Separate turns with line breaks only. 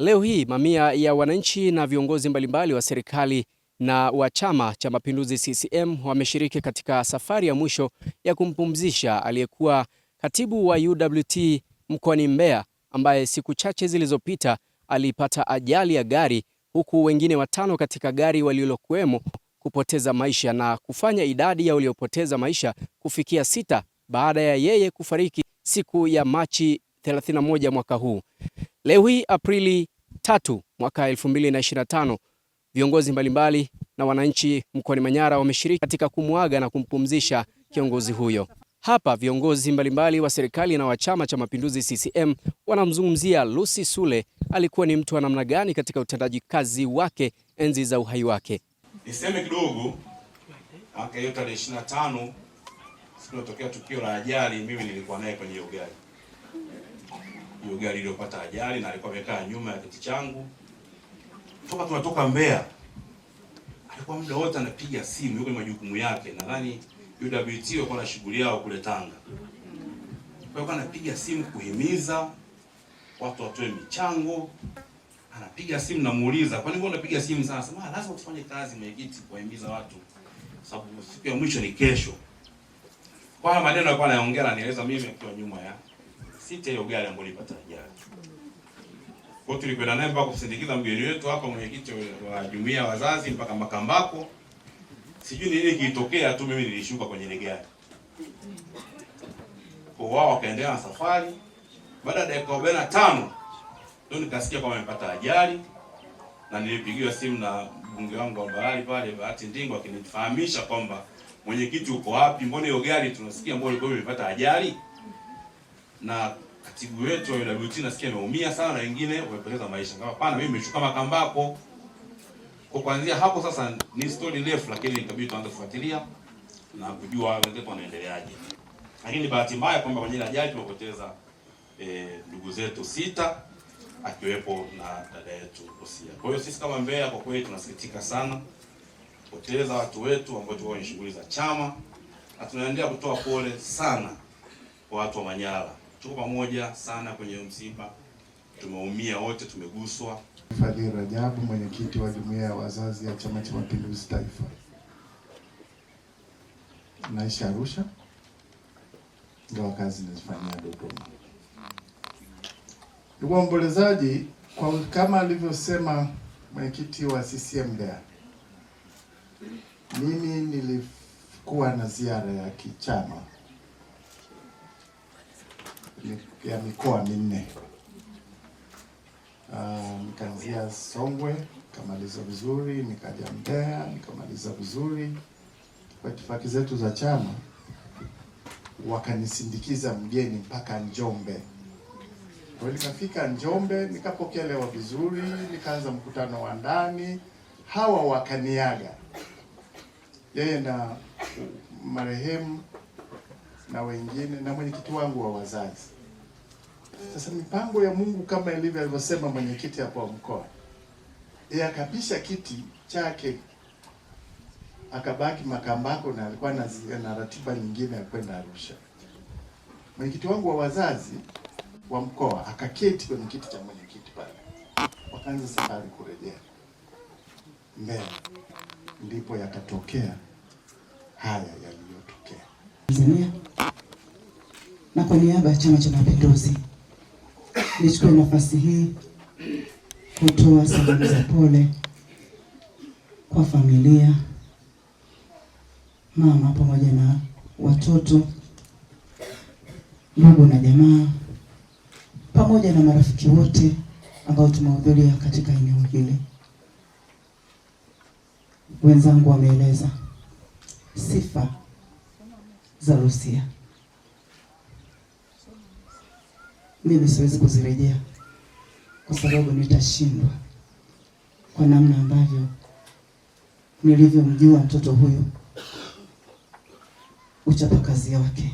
Leo hii mamia ya wananchi na viongozi mbalimbali wa serikali na wa Chama cha Mapinduzi CCM wameshiriki katika safari ya mwisho ya kumpumzisha aliyekuwa katibu wa UWT mkoani Mbeya ambaye siku chache zilizopita alipata ajali ya gari huku wengine watano katika gari walilokuwemo kupoteza maisha na kufanya idadi ya waliopoteza maisha kufikia sita baada ya yeye kufariki siku ya Machi 31 mwaka huu. Leo hii Aprili tatu mwaka 2025 viongozi mbalimbali na wananchi mkoani Manyara wameshiriki katika kumwaga na kumpumzisha kiongozi huyo. Hapa viongozi mbalimbali wa serikali na wa Chama cha Mapinduzi CCM wanamzungumzia Lucy Sule, alikuwa ni mtu wa namna gani katika utendaji kazi wake enzi za uhai wake.
Niseme kidogo, tarehe 25 sikutokea tukio la ajali, mimi nilikuwa naye kwenye hiyo gari hiyo gari iliyopata ajali, na alikuwa amekaa nyuma ya kiti changu. Toka tunatoka Mbeya, alikuwa muda wote anapiga simu, yuko majukumu yake. Nadhani UWT walikuwa na shughuli yao kule Tanga, kwa hiyo anapiga simu kuhimiza watu watoe michango anapiga simu, namuuliza kwa nini unapiga simu sana? Sema ah, lazima tufanye kazi mwenyekiti, kuhimiza watu, sababu siku ya mwisho ni kesho. Kwa maneno alikuwa anaongea, nieleza mimi akiwa nyuma ya sita hiyo gari ambayo ilipata ajali. Kwa tulikwenda naye mpaka kusindikiza mgeni wetu hapa mwenyekiti wa jumuiya wazazi mpaka Makambako. Sijui ni nini kilitokea tu mimi nilishuka kwenye ile gari. Kwa wao wakaendelea na safari. Baada ya dakika tano ndio nikasikia kwamba amepata ajali na nilipigiwa simu na mbunge wangu wa bahari pale Bahati Ndingo akinifahamisha kwamba mwenyekiti, uko wapi? Mbona hiyo gari tunasikia mbona ilikuwa imepata ajali? na katibu wetu wa UWT nasikia ameumia sana, na wengine wamepoteza maisha. Kama pana mimi nimeshuka Makambako. Kwa kuanzia hapo sasa ni story refu, lakini nikabidi tuanze kufuatilia na kujua wenzetu wanaendeleaje. Lakini bahati mbaya kwamba kwenye ajali tumepoteza eh, ndugu e, zetu sita akiwepo na dada yetu Rosia. Kwa hiyo sisi kama Mbeya kwa kweli tunasikitika sana kupoteza watu wetu ambao tulikuwa kwenye shughuli za chama na tunaendelea kutoa pole sana kwa watu wa Manyara tuko pamoja sana kwenye msiba, tumeumia wote, tumeguswa.
Fadhili Rajabu, mwenyekiti wa jumuiya ya wazazi ya Chama cha Mapinduzi Taifa. Naishi Arusha, ingawa kazi nazifanyia Dodoma. Ndugu waombolezaji, kwa kama alivyosema mwenyekiti wa CCM Mbeya, mimi nilikuwa na ziara ya kichama ya mikoa minne. Uh, nikaanzia Songwe nikamaliza vizuri, nikaja Mbeya nikamaliza vizuri. Kwa itifaki zetu za chama wakanisindikiza mgeni mpaka Njombe. Kwa hiyo nikafika Njombe nikapokelewa vizuri, nikaanza mkutano wa ndani, hawa wakaniaga yeye na marehemu na wengine na mwenyekiti wangu wa wazazi. Sasa mipango ya Mungu kama ilivyo alivyosema mwenyekiti hapo mkoa, yeye akapisha kiti chake akabaki Makambako na alikuwa na ratiba nyingine ya kwenda Arusha. Mwenyekiti wangu wa wazazi wa mkoa akaketi kwenye kiti cha mwenyekiti pale, wakaanza safari kurejea mbele, ndipo yakatokea haya yaliyotokea
na kwa niaba ya Chama cha Mapinduzi nichukue nafasi hii kutoa salamu za pole kwa familia, mama pamoja na watoto, ndugu na jamaa, pamoja na marafiki wote ambao tumehudhuria katika eneo hili. Wenzangu wameeleza sifa za Lucia. mimi siwezi kuzirejea kwa sababu nitashindwa kwa namna ambavyo nilivyomjua mtoto huyu, uchapakazi wake.